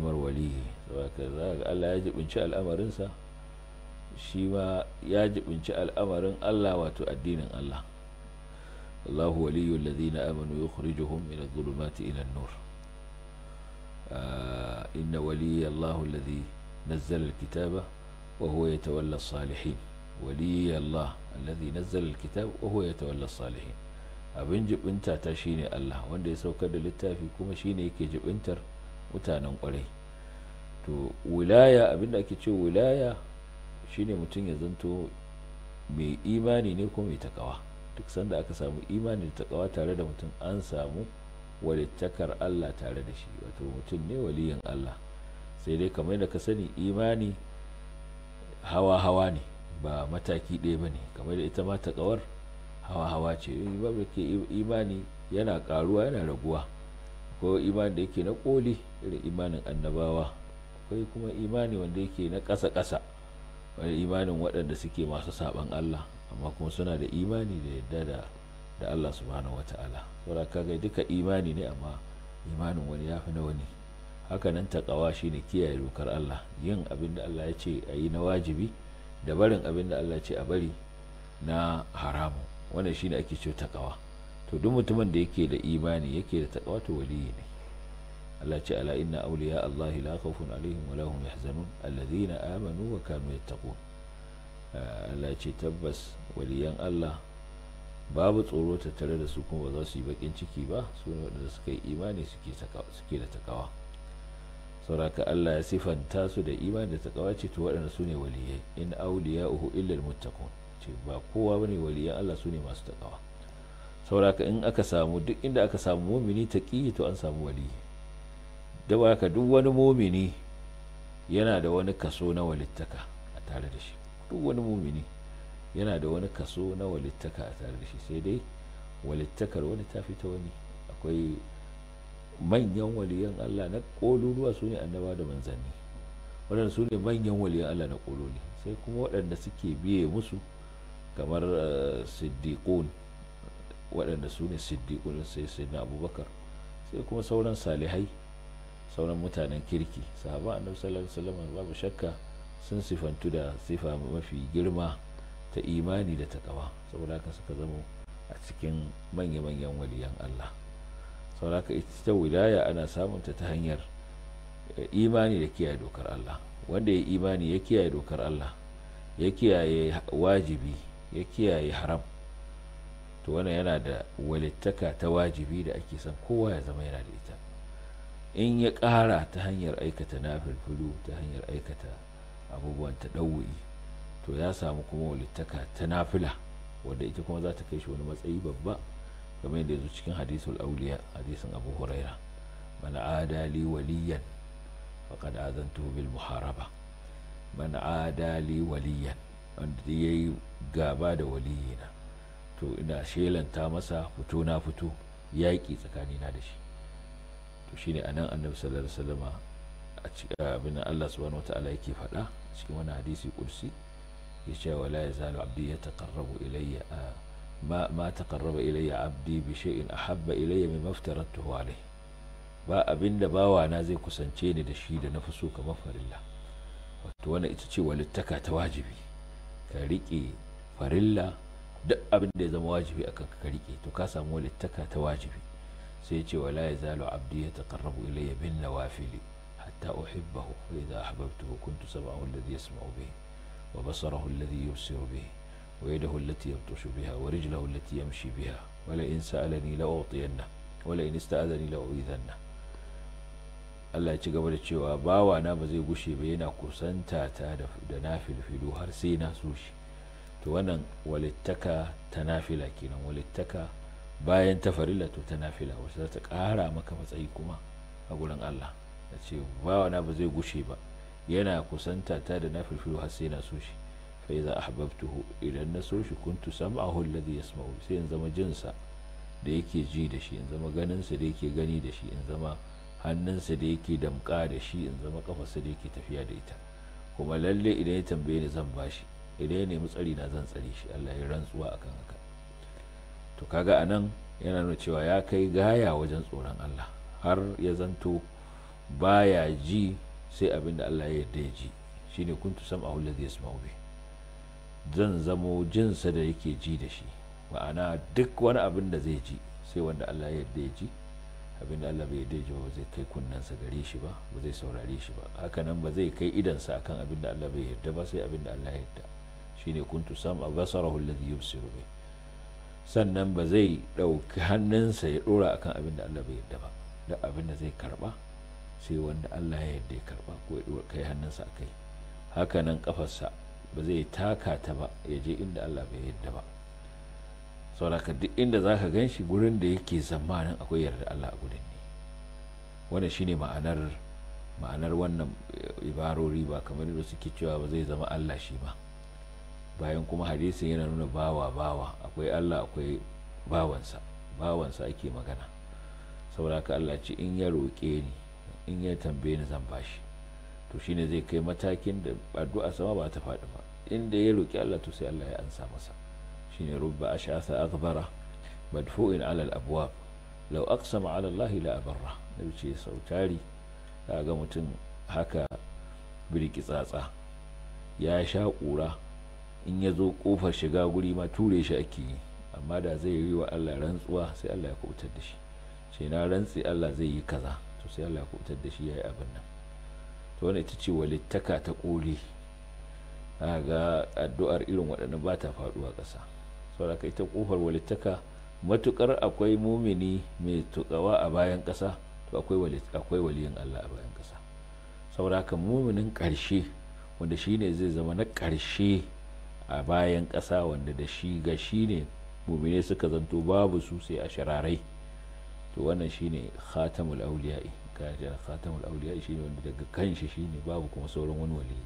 امر ولي وكذا الله يجب ان شاء الامر انسى شيما يجب ان شاء الامر الله وتؤدين الله الله ولي الذين امنوا يخرجهم من الظلمات الى النور آه ان ولي الله الذي نزل الكتاب وهو يتولى الصالحين ولي الله الذي نزل الكتاب وهو يتولى الصالحين أبنجب انت تشيني الله وانت يسوكد للتافي كما شيني كيجب انتر mutanen kwarai to wilaya abinda ake ce wilaya shine mutum ya zanto mai imani ne ko mai takawa duk sanda aka samu imani da takawa tare da mutum an samu walittakar Allah tare da shi wato mutum ne waliyin Allah sai dai kamar da ka sani imani hawa-hawa ne ba mataki ɗaya ba ne kamar da ita ma takawar hawa-hawa ce imani yana ƙaruwa yana raguwa akwai imani da yake na koli irin imanin annabawa akwai kuma imani wanda yake na ƙasa ƙasa wani imanin waɗanda suke masu saɓan Allah amma kuma suna da imani da yadda da da Allah subhanahu wata'ala saboda kaga duka imani ne amma imanin wani ya fi na wani hakanan shi shine kiyaye dokar Allah yin abin da Allah ya ce a yi na wajibi da barin abin da Allah ya ce a bari na haramu wannan shine ake cewa kawa. to duk mutumin da yake da imani yake da takawa to waliyi ne Allah ce ala inna awliya Allah la khawfun alaihim wa lahum yahzanun alladhina amanu wa kanu yattaqun ah, Allah ce tabbas waliyan Allah babu tsoro tattare da su kuma ba za su yi bakin ciki ba su ne waɗanda suka yi imani suke da takawa sauraka Allah ya sifanta su da imani da takawa ce to waɗanda su ne waliyai in auliya uhu illal muttaqun ce ba kowa bane waliyan Allah su ne masu takawa sauraka in aka samu duk inda aka samu mumini taqi to an samu wali da haka duk wani momini yana da wani kaso na walittaka a tare da shi duk wani momini yana da wani kaso na walittaka a tare da shi sai dai walittakar wani ta fi ta wani akwai manyan waliyan Allah na ƙoluruwa su ne annaba da manzanni waɗanda su ne manyan waliyan Allah na ƙololi sai kuma waɗanda suke biye musu kamar eh, siddiqun waɗanda su ne siddiƙun sai na abubakar sai kuma sauran salihai sauran mutanen kirki sahaba annabi sallallahu alaihi wasallam babu shakka sun sifantu da sifa mafi girma ta imani da takawa saboda haka suka zama a cikin manya-manyan waliyan Allah saboda haka ita wilaya ana samunta ta hanyar eh, imani da kiyaye dokar Allah wanda ya imani ya kiyaye dokar Allah ya kiyaye wajibi ya kiyaye haram to wannan yana da walittaka ta wajibi da ake son kowa ya zama yana da ita in ya ƙara ta hanyar aikata nafilfilu ta hanyar aikata abubuwan ta to ya samu kuma walittaka ta nafila wadda ita kuma za ta kai shi wani matsayi babba game yadda zo cikin hadisul auliya hadisin abu huraira man adali waliyan faqad azantuhu bil muharaba man adali waliyan wanda yayi gaba da waliyina to ina shelanta masa fito na fito yaƙi tsakani na da shi to a nan annabi sallallahu alaihi a cikin abin Allah subhanahu ta'ala yake faɗa cikin wani hadisi kursi ya ce wa la yazalu abdi yataqarrabu ilayya ma ma taqarraba ilayya abdi bi shay'in ahabba ilayya mimma aftaratuhu alayhi ba abinda bawa na zai kusance ni da shi da na fi so kamar farilla wato wannan ita ce walittaka ta wajibi ka riƙe farilla duk abin da ya zama wajibi akan ka rike to ka samu walittaka ta wajibi sai ya ce wala ya zalo abdi ya taqarrabu ilayya bin nawafili hatta uhibbahu wa idha ahbabtuhu kuntu sam'ahu alladhi yasma'u bihi wa basarahu alladhi yubsiru bihi wa yadahu allati yabtashu biha wa rijlahu allati yamshi biha wala in sa'alani la u'tiyanna wala in ista'adani la u'idhanna Allah ya ci gaba da cewa bawana ba zai gushe ba yana kusanta ta da nafilfilu har sai na so shi to wannan walittaka ta nafila kenan walittaka bayan ta farilla to ta nafila wacce za ta kara maka matsayi kuma a gurin Allah a ce ba na ba zai gushe ba yana kusanta ta da nafilfilu har sai na so shi fa iza ahbabtuhu idan na so shi kuntu sam'ahu alladhi yasma'u sai in zama jinsa da yake ji da shi in zama ganin ganinsa da yake gani da shi in zama hannunsa da yake damƙa da shi in zama kafarsa da yake tafiya da ita kuma lalle idan ya tambaye ni zan bashi idan ya nemi tsari na zan tsari shi Allah ya rantsuwa akan haka to kaga anan yana nuna cewa ya kai gaya wajen tsoron Allah har ya zanto baya ji sai abin da Allah ya yarda ya ji shine kuntu sam a hulazi ya bi zan zamo jinsa da yake ji da shi ma'ana duk wani abin da zai ji sai wanda Allah ya yarda ya ji abin da Allah bai yarda ya ji ba zai kai kunnensa gare shi ba ba zai saurare shi ba hakanan ba zai kai idansa akan abin da Allah bai yarda ba sai abin da Allah ya yarda shine kuntu sam abasarahu alladhi yubsiru sannan ba zai ɗauki hannunsa ya ɗora akan abin da Allah bai yarda ba da abin da zai karba sai wanda Allah ya yarda ya karba ko ya ɗora kai hannunsa a kai hakanan kafarsa ba zai taka ta ba ya je inda Allah bai yarda ba sauraka duk inda za ka gan shi gurin da yake zamanin akwai yarda Allah a gurin ne wannan shine ma'anar ma'anar wannan ibarori ba kamar da suke cewa ba zai zama Allah shi ba bayan kuma hadisin yana nuna bawa bawa akwai Allah akwai bawansa bawansa ake magana saboda ka Allah ce in ya roƙe ni in ya tambaye ni zan bashi to shine zai kai matakin da addu'a sama ba ta faɗi ba inda ya roƙi Allah to sai Allah ya ansa masa shine rubba ashasa akbara madfu'in ala al-abwab law aqsama ala Allah la abarra nabi ce sautari ga mutum haka birki tsatsa ya sha ƙura in ya zo kofar shiga guri ma ture shi ake yi amma da zai yi wa Allah rantsuwa sai Allah ya kubutar da shi sai na rantsi Allah zai yi kaza to sai Allah ya kubutar da shi ya yi abin nan to wani ita ce walittaka ta koli ga addu'ar irin waɗannan ba ta faɗuwa ƙasa saboda ita kofar walittaka matukar akwai mumini mai tuƙawa a bayan ƙasa to akwai waliyin Allah a bayan ƙasa saboda ka muminin ƙarshe wanda shine zai zama na ƙarshe a bayan ƙasa wanda da shi ga shi ne mumine suka zanto babu su sai a shirarai to wannan shi ne khatamul auliya'i kaje khatamul auliya'i ne wanda daga kan shi shi ne babu kuma sauran wani waliyi